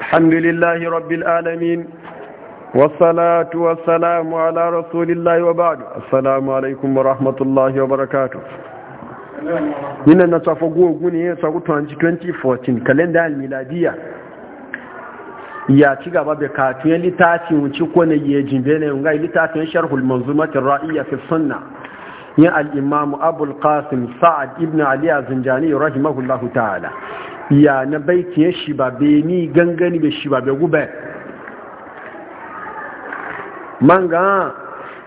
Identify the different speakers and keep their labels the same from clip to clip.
Speaker 1: الحمد لله رب العالمين والصلاة والسلام على رسول الله وبعد السلام عليكم ورحمة الله وبركاته Nina na tafago gune ya sagu 2014 kalenda miladiya ya ci gaba da katuyen littafin wuce kone ya jimbe na littafin sharhul manzumatin ra'iyya fi sunna yin al'imamu abul qasim sa'ad ibn ali azinjani rahimahullahu ta'ala ya na ya shi ba ni gangani bai shi ba bai gube manga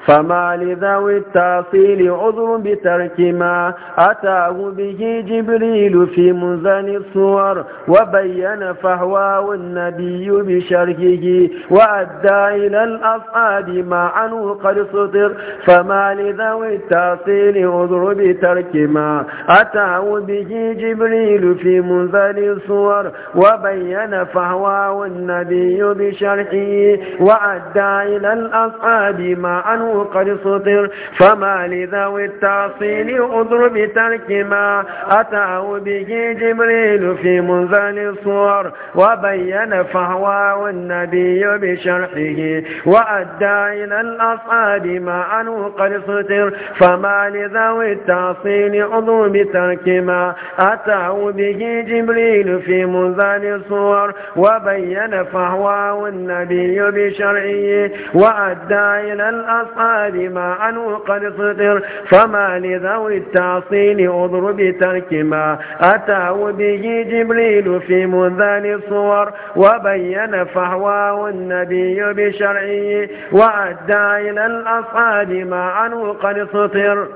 Speaker 1: فما لذوي التاصيل عذر بترك ما أتاه به جبريل في منزل الصور وبين فهواه النبي بشرحه وأدى إلى الأصحاب ما عنه قد سطر فما لذوي التاصيل عذر بترك ما أتاه به جبريل في منزل الصور وبين فهواه النبي بشرحه وأدى إلى الأصحاب ما عنه قد سطر فما لذوي التعصيل أذر بترك ما أتاه به جبريل في منزل الصور وبين فهوى النبي بشرحه وأدى إلى الأصحاب ما عنه قد سطر فما لذوي التعصيل أذر بترك ما أتاه به جبريل في منزل الصور وبين فهوى النبي بشرعه وأدى إلى الأصحاب الأفعال ما أنه قد صدر فما لذوي التعصيل عذر بترك ما أتاه به جبريل في منذان الصور وبين فهواه النبي بشرعه وأدى إلى الأصحاب ما أنه قد صدر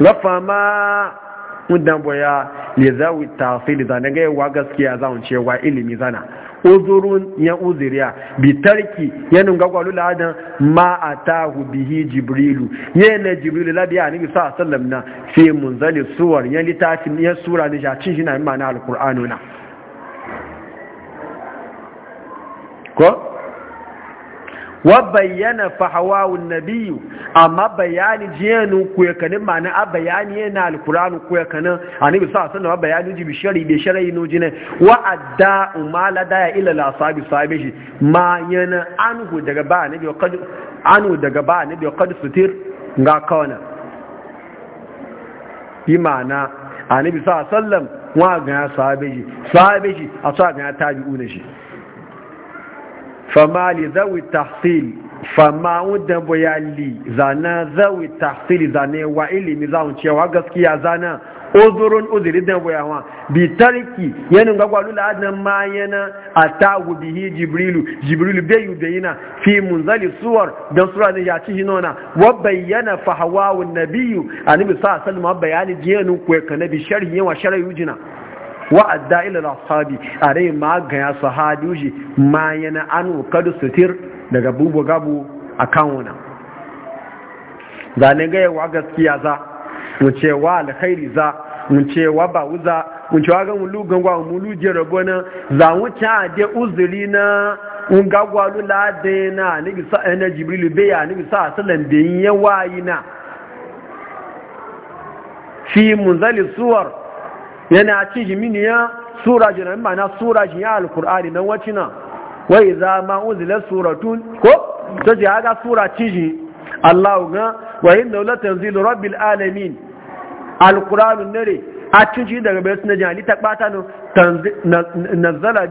Speaker 1: لفما mun mudan boya le zawi tafsili zane ga yawa gaskiya za zaun cewa ilimi zana uzurun ya uzuriya bitarki, tarki ya nunga gwalu ladan ma atahu bihi jibrilu ya na jibrilu labi ya nabi sa sallam na fi munzali suwar ya litafin ya sura ne ja cin shi na na alqur'anu na ko wa bayyana fahawawun nabiyu amma bayani jiyanu kuyakanin ya ma'ana a bayani yana alkuranu kuyakanin a nabi sa sun da bayani jibi shari bi shari no jine wa adda umala da ya ila lasabi sabi shi ma yana anhu daga ba annabi qad anhu daga ba annabi qad sutir ga kawana Yi ma'ana annabi sa sallam wa ga sabi shi sahabe shi a sa ga tabi'una shi fama li zawi tahsil fama wudan boyali zana zawi tahsil zane wa ilimi zaun cewa gaskiya zana uzurun uzuri dan boyawa bi tariki ga gwalu la adan ma yana atawu bihi jibrilu jibrilu bai yubayina fi munzali suwar dan sura ne ya ci hinona wa bayyana fahawa wan nabiyyu annabi sallallahu alaihi wasallam bayani jiyanu ku kana bi sharhi wa sharhi yujina wa adda ila ashabi are ma ga ya sahabi ji ma yana anu kadu sutir daga bubu gabu akan wana zane ga yawa gaskiya za mu ce wa alkhairi za mu ce wa ba uza mu ce wa ga mulu gangwa mulu je rabona za mu ta de uzuri na un gagwa lu la de na ni bi sa na jibril be ya ni bi sa sallan be yawa na. fi munzali suwar yana ci jiminiya sura jina mana sura shi ya alkur'ani nan wacina wai za ma unzila suratun ko ta ce haka sura ci ji allahu ga wayin da wulatan zilu rabbil alamin alkur'anun nare a cikin daga bayan suna jihali ta na nazala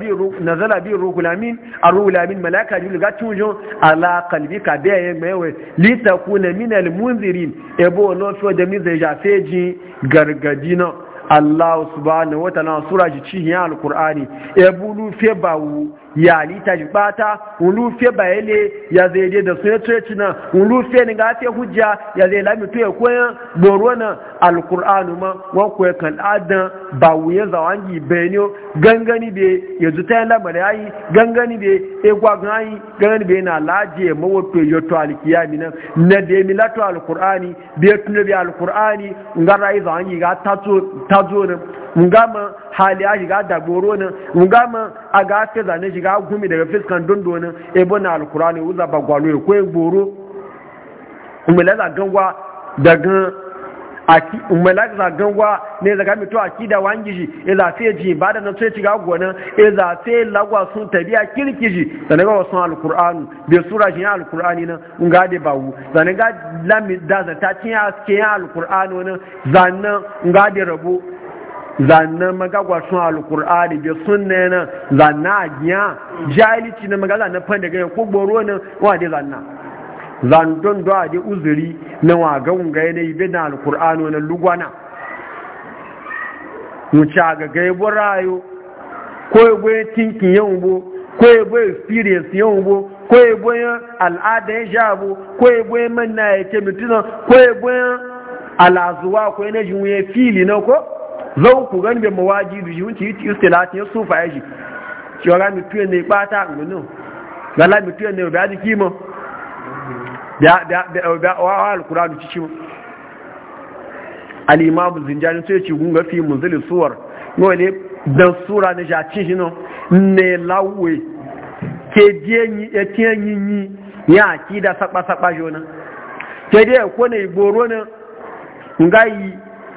Speaker 1: biyu rukulamin a rukulamin malaka jilu ga cikin ala kalbi ka biya yin maiwai lita kuna minal munzirin ebo wani ofiyo da min zai jafe ji gargadi na Allah subhanahu wa ta'ala sura ji ci ya alqur'ani e bulu fe bawu ya li ta ji bata ulu fe bayele ya zede da sun yace e na ulu fe ni ga fe hujja ya la mi to ya e koyan boro na alqur'anu ma wa ko kan adan bawu ya zawangi benyo gangani be yanzu ta e lamar yayi gangani be e gani gangani be na laje mawato yoto alkiyami nan na de milato alqur'ani be tunabi alqur'ani ngara yi zawangi ga tato ta zo nan ma hali a shiga ne nan ma a ga ta zane shiga gumi daga fiskan dondo ne ebo na alkurani uza bagwalo ko gboro umelaza gangwa daga aki umela za gangwa ne daga mito akida wangiji e za fe ji ba da nan sai ci gago nan e za fe lagwa sun tabiya kirkiji da daga wasu alqur'anu be sura shi alqur'ani nan in ga de bawu da ga lami da za ta cin aske alqur'anu nan zannan in ga de rabo zannan magagwa sun alqur'ani be sunne nan zanna agiya jahilci na magaza na fan daga ko gboro nan wa de zanna zandon da da uzuri na wagan ga yanayi na alkur'ano na lugwana wuce ga gaibon rayo ko ebe tinkin yau bo ko ebe experience yau bo ko ebe al'ada ya sha bo ko ebe manna ya ce mutunan ko ebe alazuwa ko yana jin wuye fili na ko zau ku gani bai mawaji da jiwunci yi tiyo stilati ya sufa ya shi shi wa gami tuyo ne ipata ngunu gala mi tuyo ne obi adiki kima. wa alkuranu cikin alimamu zinjani sai ci gunga fi munzili suwar wale dan sura na jaci shi nan ne lawe ke diyanyi e e ya tiyanyi ya aki da sapa-sapa jona ke dai ekwo na igboro na ngayi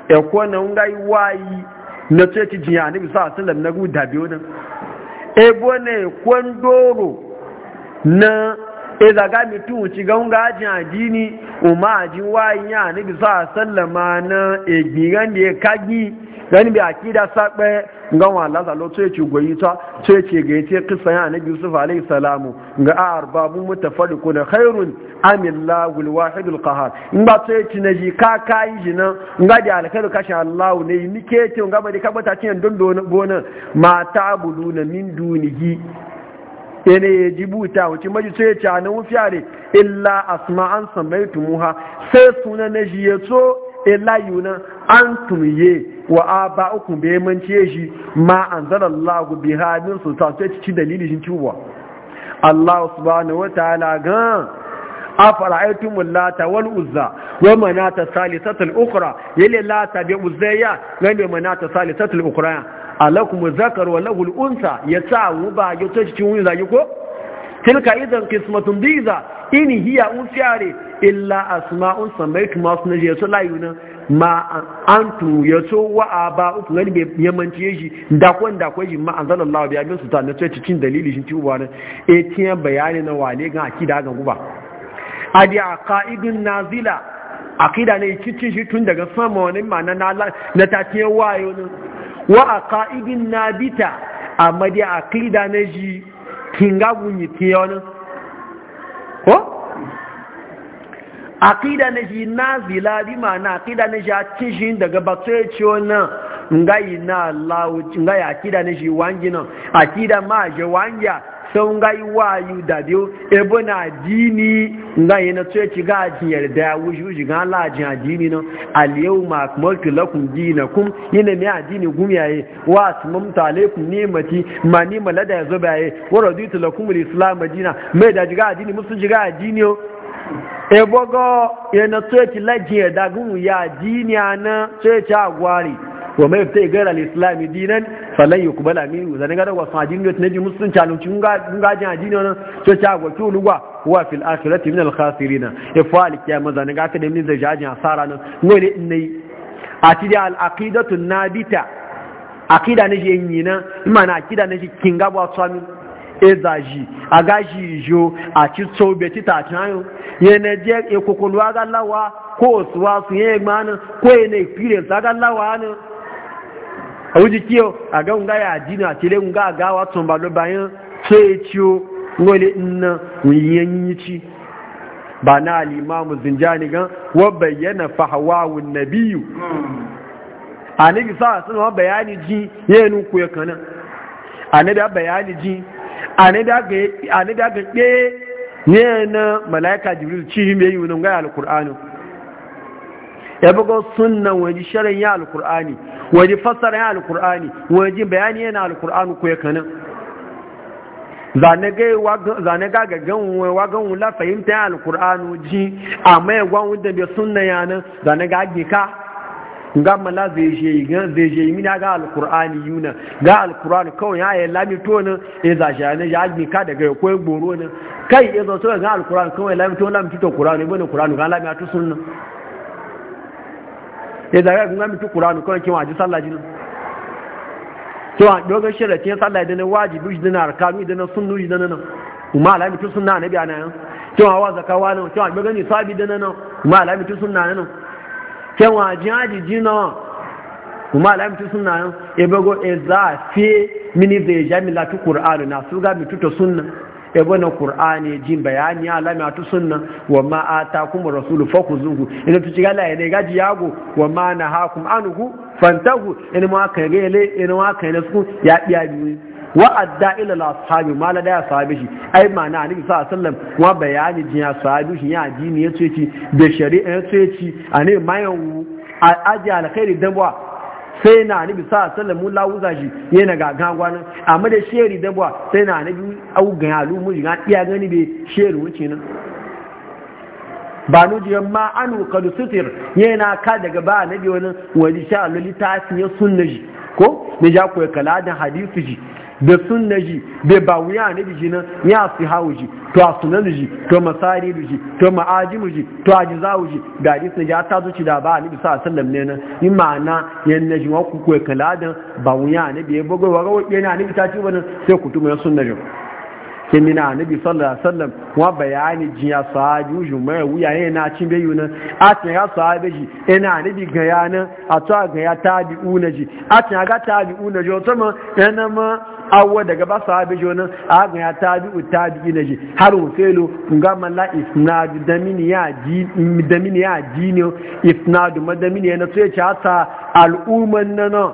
Speaker 1: ekwo na ngayi wayi na tsoye ci jiya ne bisa asalam na guda biyu nan ebo na ekwo na e zaga mitu ci ga unga ajin ajini umma ajin wayin ya bi sa sallama na egiran da ya kagi gani bi akida sakpe ga Allah za lo so yace goyi ta so ci ga ti qissa ya nabi yusuf alayhi salamu ga arbabu mutafaddiqun khairun amillahu alwahid alqahar in ba ci na ji ka kai na, ga da alkhairu kashin allah ne ke ti ga ba da kabata cin dondo bona ma ta'buduna min dunihi yana ya ji buta wuce maji sai ya ci wufi wufiya ne illa asma an samai tumuha sai suna na shi ya so illa yunan an tumye wa Aba ba uku bai mance shi ma an zara lagu bi su ta sai ci dalili shi ciwa Allah subhanahu wa ta'ala gan أفرأيتم اللات والعزى ومناة uzayya الأخرى يلي اللات بأزية غير مناة salisatul الأخرى alakum zakar wa Unsa ya ta yata'u ba ta cikin wuni zagi ko tilka idan kismatun biza in hiya unsiare illa asma'un samaitu masu na yato layuna ma ya to wa ba uku gani bai yamanci shi dakon shi da kwaji ma Allah bi abin sultan na cikin dalili shi tuba ne etiyan bayani na wale ga akida ga guba adi aqaidun nazila akida ne cikin shi tun daga sama wani ma na ta tiyan wayo nan. wa a ka'idin na bita amma dai a na ji kinga bunyi tiyonu ko akida na ji nazila bi ma'ana akida na ji a daga batu ya ci wannan ngayi na lawo ngayi akida na ji wangi na akida ma je wangiya sau ngai wayu da biyu ebo na dini ngai na tsoye ci gajin yarda ya wuji wuji ga lajin adini no aliyu ma mulki lakum dinakum yana mai adini gumiyaye wa asmamtu alaikum nimati ma ni malada ya zoba yaye wa raditu lakum alislam dina mai da jiga adini musu jiga adini o ebogo go yana e tsoye ci lajin da gumu ya adini ana tsoye ci agwari wa mai ta gara al-islami dinan falan yuqbala minhu zan ga wasu ajin ne nabi musulunci an cin ga ga jin to ta go to wa fil akhirati min al ya fa'al kiyama zan ga da min zajajin asara nan ngole ne a ti da al-aqidatu nabita akida ne yin na imana aqida ne kinga ba tsami ezaji agaji ijo àti tóbi títà àtìyàn yẹn na jẹ́ ìkòkòrò agáláwa kó òsùwàsù yẹn gbánu kó ènìyàn ìpìlẹ̀ agáláwa náà àwùjọ kí ọ àgá ń gáyà àdínà àtìlẹ́ ń gá àgá wa tún bá ló bá yán tó etí o ngọ́ ilé nna òyìnyẹn tí na wọ́n a níbi sáà sínú wọ́n bayani jí yẹnu kú ẹ̀kan náà a níbi bayani jí a níbi pé yẹn na malaika jibril ci yi mai yi wunan ya bugo sunnan waje sharin ya alkur'ani waje fassara ya alkur'ani waje bayani yana alkur'ani ko ya kanin zane ga ganwe wa ganwe la fahimta ya alkur'ani ji amma ya gwanwe da bai sunna yana zane ga ka ga la zai je yi mina ga alkur'ani yuna ga alkur'ani kawai ya yi lami tonin ya zashi yana ya agbi ka daga ya koyi gboro ne kai ya zo to ga alkur'ani kawai lami tonin lami tuto kur'ani bane kur'ani ga lami a tu sunna ya zaga kun gami tukura ni kawai kin waji sallah jinu to a dogon sharatin sallah idan wajibi idan arkanu idan sunnu idan nan kuma alami tu sunna annabi ana yan to hawa zakawa nan to a dogon ni sabi idan nan kuma alami tu sunna nan kin waji haji jinu kuma alami tu sunna yan e bago e za fi mini zai jami la tu qur'anu na su ga mi tu to sunna E na qur'ani jin bayani alama tu sunna wa ma atakum rasulu fakuzuhu ina tu cigala ne gaji yago wa ma nahakum anhu fantahu ina ma ka gele ina ma su ya biya biyu wa adda ila al sahabi ma la da sahabi shi ai ma na sallallahu sa sallam wa bayani jin ya sahabi shi ya dini ci da shari'a ya yace ci anai mayan aji alkhairi dan sai na nabi sa sallamu la shi yana ga gagwa nan amma da sheri da sai na nabi au halu mu ga iya gani be sheri wuce nan ba nuji ma anu qad sutir yana ka daga ba nabi wani wali sha Allah litafi ya sunna ko ne ja ko kala da hadisi da sunna ji da ba wuya na ji nan ya su hau ji to a sunan ji to masari ji to ma'ajimu ji to ajizawu ji da hadis na a ta ci da ba annabi sallallahu alaihi wasallam ne nan in ma'ana yan ji wa ku ko kaladan ba wuya na bai bugo wa rawo ke na annabi ta ci wani sai ku tuma sunna ji kin mina annabi sallallahu alaihi wasallam wa bayani jiya sahabi ju mai wuya ne na cin bayu nan a ce ya sahabi ji ina annabi ga yana a to ga ya na ji a ce ga tabi'una ji to ma ina ma awwa daga ba sahabi jonan aga ya tabi'u ina ji har felo nga mala isnadu damini ya ji damini ya ji ne isnadu madamini yana so ya ci hata al'umman nan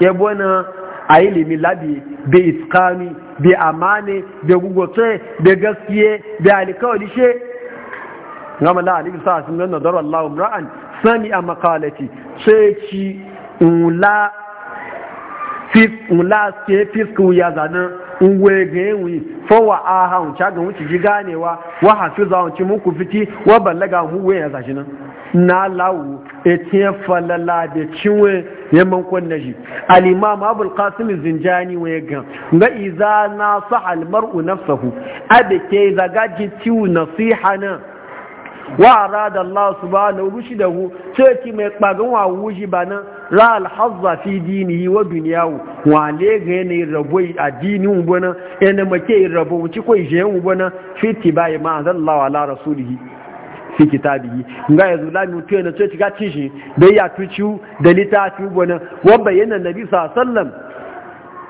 Speaker 1: ya bona a limi labi bi iskami bi amane bi gugote bi gaskiye bi alikawali she nga mala bi sa'a sun nadar da darar la'umra'an sani a makalati sai ci ula laske fiske ya zanen uwe ga yawon fowa a hahun cagan wuce ji ganewa wa hafi zawon ci muku fiti wa balaga huwe ya zashi nan na lawu etiyan falala da cinwe ya mankon na shi al'imam abul qasim zinjani wa ya gan ga iza na sa almar'u nafsahu a da ke zagaji ciwo nasiha na. wa arada Allah subhanahu hu, sai ki mai kpagan wa wuji bana ra al hazza fi dinihi wa dunyahu wa le ga ne rabo addini mu bana ene make rabo ci ko je mu bana fi tibai ma Allah ala rasulihi fi kitabihi nga yanzu la mu tena sai ki ga ci shi da ya tuci da litafi bana wa bayyana nabi sallallahu alaihi wasallam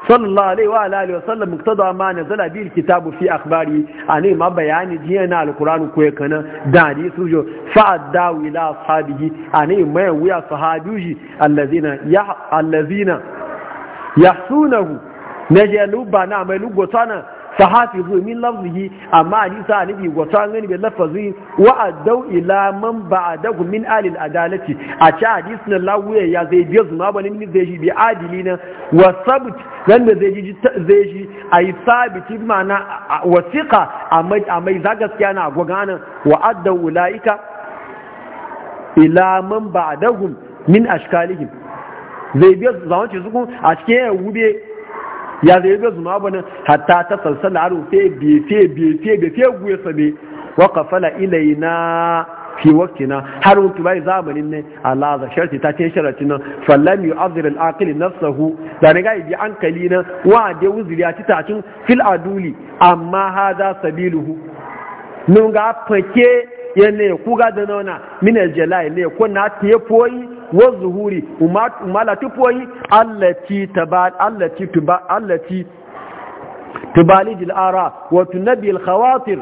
Speaker 1: صلى الله عليه وعلى اله وسلم مقتضى ما نزل به الكتاب في اخباري اني ما بيان دينا القران كو داري سوجو فاداو الى اصحابه اني ما ويا صحابيه الذين يح الذين يحسونه نجلوا بنا عملوا غتانا fahafizu min lafzihi amma hadisa annabi gwata ngani bai lafazi wa addau ila man ba'adahu min alil adalati a ci hadis na lawuya ya zai biya zuma ba ne zai shi bi adili na wa sabit dan da zai ji zai shi ayi sabiti mana wasiqa amma amma za gaskiya na gwagana wa addau ulaika ila man ba'adahum min ashkalihim zai biya zamanci su a cikin wube ya zai ga zuma ne. hatta ta salsala aru fe biye fe biye fe biye fe guye sabe wa ilai na fi na har wuki bai zamanin ne Allah za sharti ta ce sharati nan fallam azir al-aqil nafsuhu da ne ga yi ankali nan wa da wuzuri a titacin fil aduli amma hada sabiluhu nun ga fake yana ku ga da nona min al-jalai ne ko na tefoyi wa zuhuri umala tufoyi allati allati tuba allati tubalij al ara wa tunabi al khawatir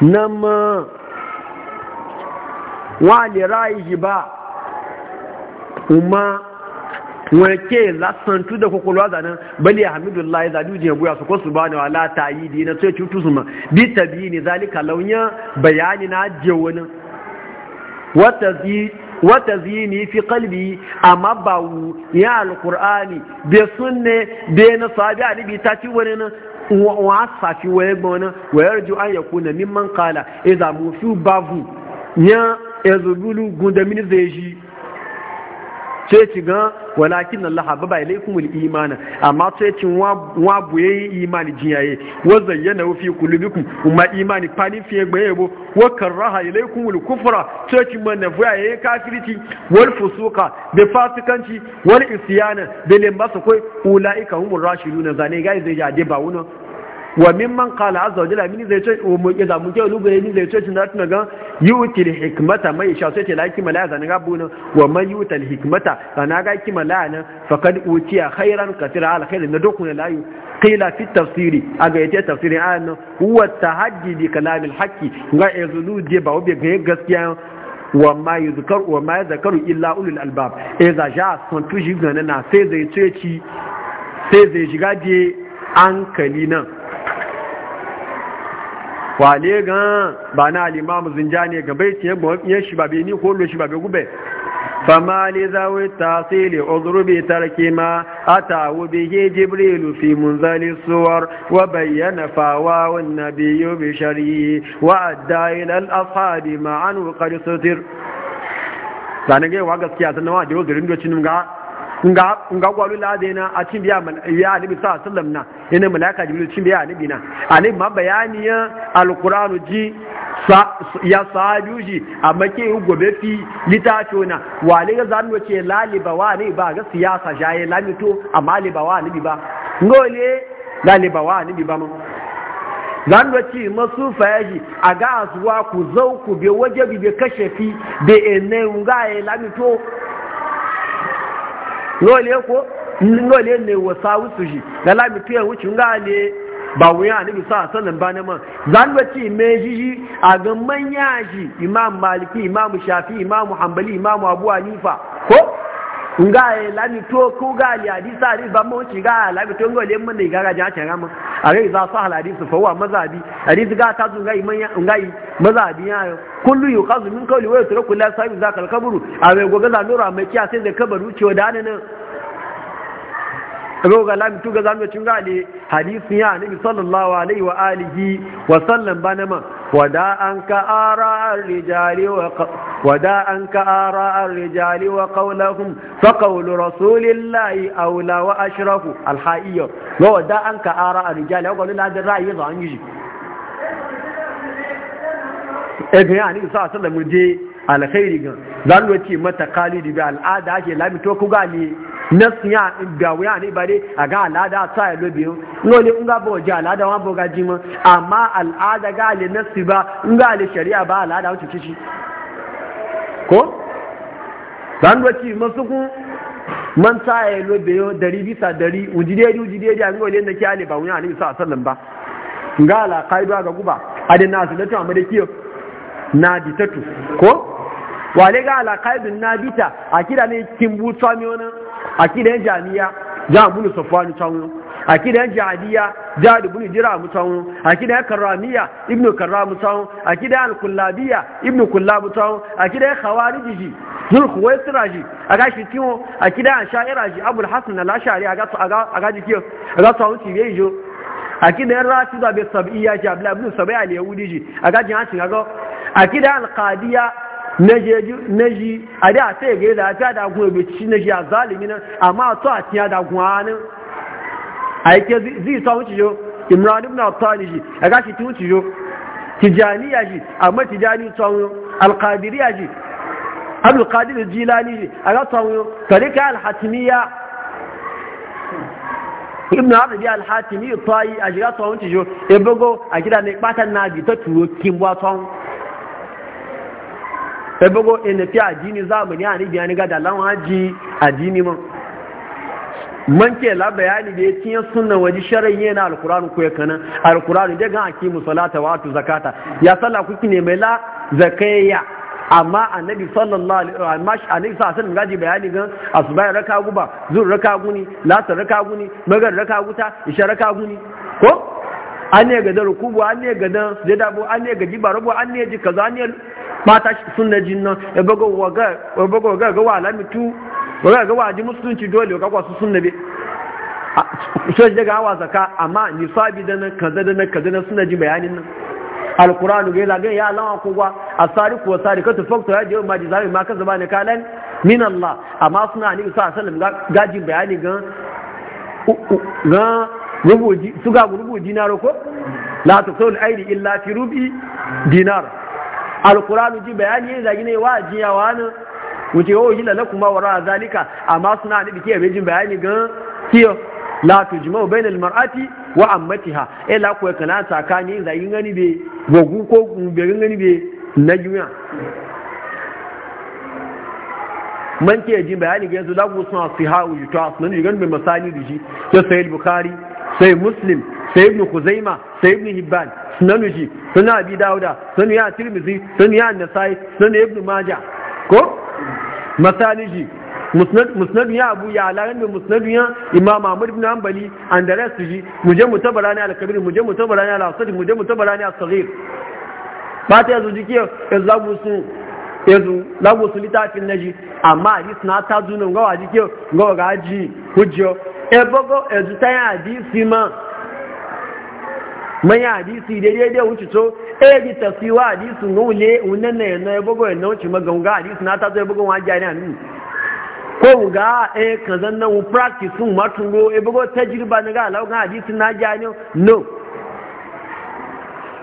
Speaker 1: nam wa li ra'yi ba umma wake lasan tu da kokolwa zanan bali hamdulillahi zadu je buya su ko subhanahu wa la ta'idi na sai cutu suma bi tabini zalika launya bayani na je wani wata wata zini fi kalbi a mabawu ya alkur'ani bai sunne bai na sabi alibi ta ci wani na wa safi wani gbona wa yarju an kuna mimman kala idza musu babu ya yazulu gunda zai ji sai ci ga walakin Allah hababa ilaykumul imana amma sai ci wa buye imani jiyaye wa zayyana fi kulubiku umma imani fani fiye gbaye bo wa karaha ilaykumul kufra sai ci man ya yayi kafirci wal fusuka da fasikanci wal isiyana, da lembasa kai ulaika rashidu na zane gai zai ba wuna. wa mimman qala azza wa jalla min zai ce oh, mu ya da mun ke lu bayani zai ce tun da tun ga yutil hikmata mai sha sai ta laki mala zan ga bunin wa man yutil hikmata kana ga ki mala nan faqad utiya khairan katira al khairin na dokun layu yu qila fi tafsiri aga yace tafsirin ayan nan huwa tahajji bi kalam al haqqi ga yazulu je ba obe ga gaskiya wa ma yuzkaru wa ma yadhkaru illa ulul albab e za ja sun tuji ganin na sai zai ce ci sai zai shiga je hankali nan wane gan ba na alimamu zinjani ga bai ce ya shi ba bai ni ko lo shi ba bai gube fama li zawi tasili uzrubi tarki ma atawu bihi jibrilu fi munzali suwar wa bayyana fawa wan nabiyyu bi shar'i wa adda ila al ashabi ma an qad sutir sanan wa gaskiya sanan wa da garin docin ga nga nga gwalu ladena a cin biya ya alibi sa sallam na ina malaka jibril cin biya alibi na annabi ma bayani ya alquranu ji ya sahabi ji amma ke gobe fi litato na wale ga zanu ce laliba wa ne ba ga siyasa jaye lamito amma liba wa ne ba ngole laliba wa ne ba mu zan da ce masu fayaji a ga asuwa ku zau ku be waje bi be kashe fi be enen ga e lamito lole ko lole ne wasa wusu shi da lami tuya wuce nga ne ba wuya a bi sa sallan ba ne man zan ba ci me shi a ga manya shi imam maliki imam shafi imam hanbali imam abu hanifa nga ye lami to ko ga ali hadisa ri ba mo ci ga lami to ngole mun ne ga ga ja ta rama a ga za sa hadis fa wa mazabi hadis ga ta zun ga iman ya yi mazabi ya kullu yuqazu min qawli wa yutruku la sahibi za kal kabru a ga za nura mai kiya sai da kabaru ce wa dana nan ga ga lami to ga zamu cin ga ali hadis ya annabi sallallahu alaihi wa alihi wa sallam ba na ma وداء كآراء الرجال الرجال وقولهم فقول رسول الله أولى وأشرف الحائية وداء كآراء الرجال وقول لا الرأي يضعن يجي ابن يعني صلى الله عليه وسلم دي alkhairi gan zan wace mata kalidi bi al'ada ake lamito ku nasu ya gawo ya ba dai a ga al'ada sa ya lobe N'o nole in ga ba waje al'ada wa boga jima amma al'ada ga le nasu ba in ga shari'a ba al'ada wata kishi ko ban wace masu kun man sa ya lobe yau dari bisa dari ujidiyari ujidiyari a ga wale na kiyale ba wuya alibisa a sallan ba Nga ala ka'idu ga guba adina su na cewa mada kiyo na ditatu ko wale ga alakaidun na bita a kida ne kimbu tsami wani a kidan jami'a za a bunu safwanu tsawon a kidan jihadiya jihadi bunu jira mu tsawon a kidan karramiya ibnu karramu tsawon a kidan alkullabiya ibnu kullabu tsawon a kidan khawarijiji zul kuwaisiraji a gashi tiwo a kidan sha'iraji abul hasan na lashari a ga a ga jikiyo a ga tsawon cibiyayi jo a kidan rafida sabi iya ji abu ibnu sab'a a yahudi ji a ga jihadin a ga a kidan alqadiya na ji a da ta yi da ta da kuma bai ci na ji a zalimi na amma to a tiya da kuma hannun a yake zai sa wuce jo imran ibn abtali ji a gashi ti wuce jo tijaniya ji amma tijani tsawon alkadiriya ji abdulkadir jilani ji a ga tsawon tarika alhatimiya ibn abdi alhatimi tayi a shiga tsawon ci jo ebogo a gida ne batan na bi ta turo kimbo tsawon ebogo ene fi addini zamani a nibiya ni gada lawan haji addini man man ke la bayani da yakin sunna waji sharai na alqur'ani ko yakana alqur'ani daga akimu salata wa atu zakata ya salla kuki ne mai la zakaya amma annabi sallallahu alaihi wa sallam annabi sallallahu alaihi gaji bayani gan asubai raka guba zur raka guni latar raka guni magar raka guta isha raka guni ko an ne gadan rukubu an ne gadan jadabu an ne gaji barabu an ne ji kaza an ne mata sunna jinna ya bago waga ya bago ga wala lamitu waga ga waji musulunci dole ga kwasu sunna be so je ga wa zaka amma nisabi da nan kaza da nan kaza na sunna ji bayanin nan alquran ga la ga ya lawa ko gwa asari ka to fakta ya je ma ji zabi ma ka zaba ne kalan min Allah amma suna ni sa sallam gaji bayani ga ga rubuji suga rubuji dinaro ko la tusawul aidi illa fi rubi dinar alkuranu ji bayani ya zagi ne wa jiya wani wuce yau yi lalaku ma wara zalika amma suna da dike mai jin bayani ga kiyo la tujma'u bayna almar'ati wa ammatiha eh la ko kana tsakani zagi gani be gogu ko be gani be na juya man ke jin bayani ga yanzu lagu suna sihawu yutas nan gan bai masani da shi ya sayi bukhari sai muslim sai ibn kuzaima sai ibn hibban sunan shi sunan abi dauda sunan ya tirmizi sunan ya nasai sunan ibn majah ko masaliji musnad ya abu ya alaran da musnad ya imam ahmad ibn hanbali and the rest ji muje mutabarani al-kabir muje mutabarani al-asad muje mutabarani al-saghir ba ta yazo jiki yanzu su yazo lagu su naji amma hadis na ta zunan gawa jiki gawa gaji hujjo ebogo ezuta ya hadisi ma manya hadisi daidai da wuce to e ji tafsiwa hadisi nule unan na yana ebogo yana wuce maganga hadisi na ta zo ebogo wa jari a nini ko ga e practice sun maturo ebogo tajriba na ga hadisi na no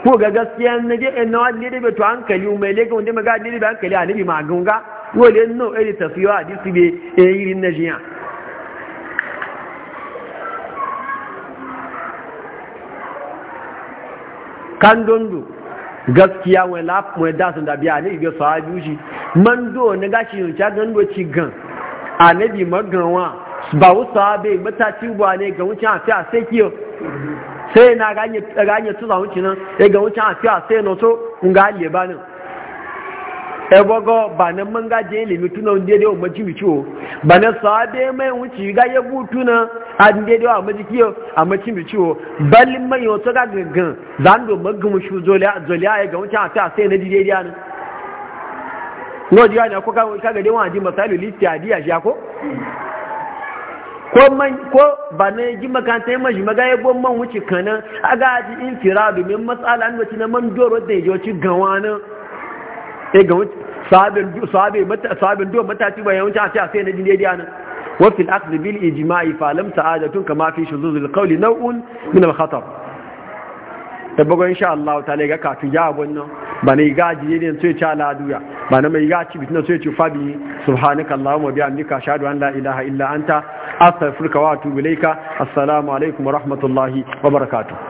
Speaker 1: ko ga gaskiya na je en ne da hankali mai ẹlẹ́gẹ́ maga ne da hankali a nabi magunga dole no e ji tafsiwa hadisi be e yirin na kan gaskiya wani la mu da da biya ne ga sahabi shi man do ne gashi yin ta gando ci gan annabi maganwa ba wu sahabe mata ci ba ne ga wucin afi a sai kiyo sai na ganye ganye tuza wucin nan ga wucin afi a sai no to ngali ba nan ebogo ba na manga je ilimi tuna wanda dai maji ji ba na sabe mai wuci ga ya butuna a dai dai amma ji kiyo amma ci wiciwo bal mai wato ga gangan zan do magum shu a zoliya ga wuce a ta sai na dide dai ne no ji ne ko ka ga dai wa ji masalu litiya ya ko ko man ko ba na ji makanta yin mashi magaya gon man wuce kanan aga ji infira domin matsala an wace na man doro da ya ji gawa nan sai ga sahabin duwan matashi bayan wancan a ce a sai na jinde diya nan wafin aksu bil ijima'i falam sa'adatun kama fi shuzuzul qawli nau'un min al khatar tabbago insha Allah ta ga kafin ya wannan ba ne ga jiye ne sai ta laduya ba na mai gaci ci bitin sai ci fabi subhanaka allahumma bihamdika ashhadu an la ilaha illa anta astaghfiruka wa atubu ilaika assalamu alaikum wa rahmatullahi wa barakatuh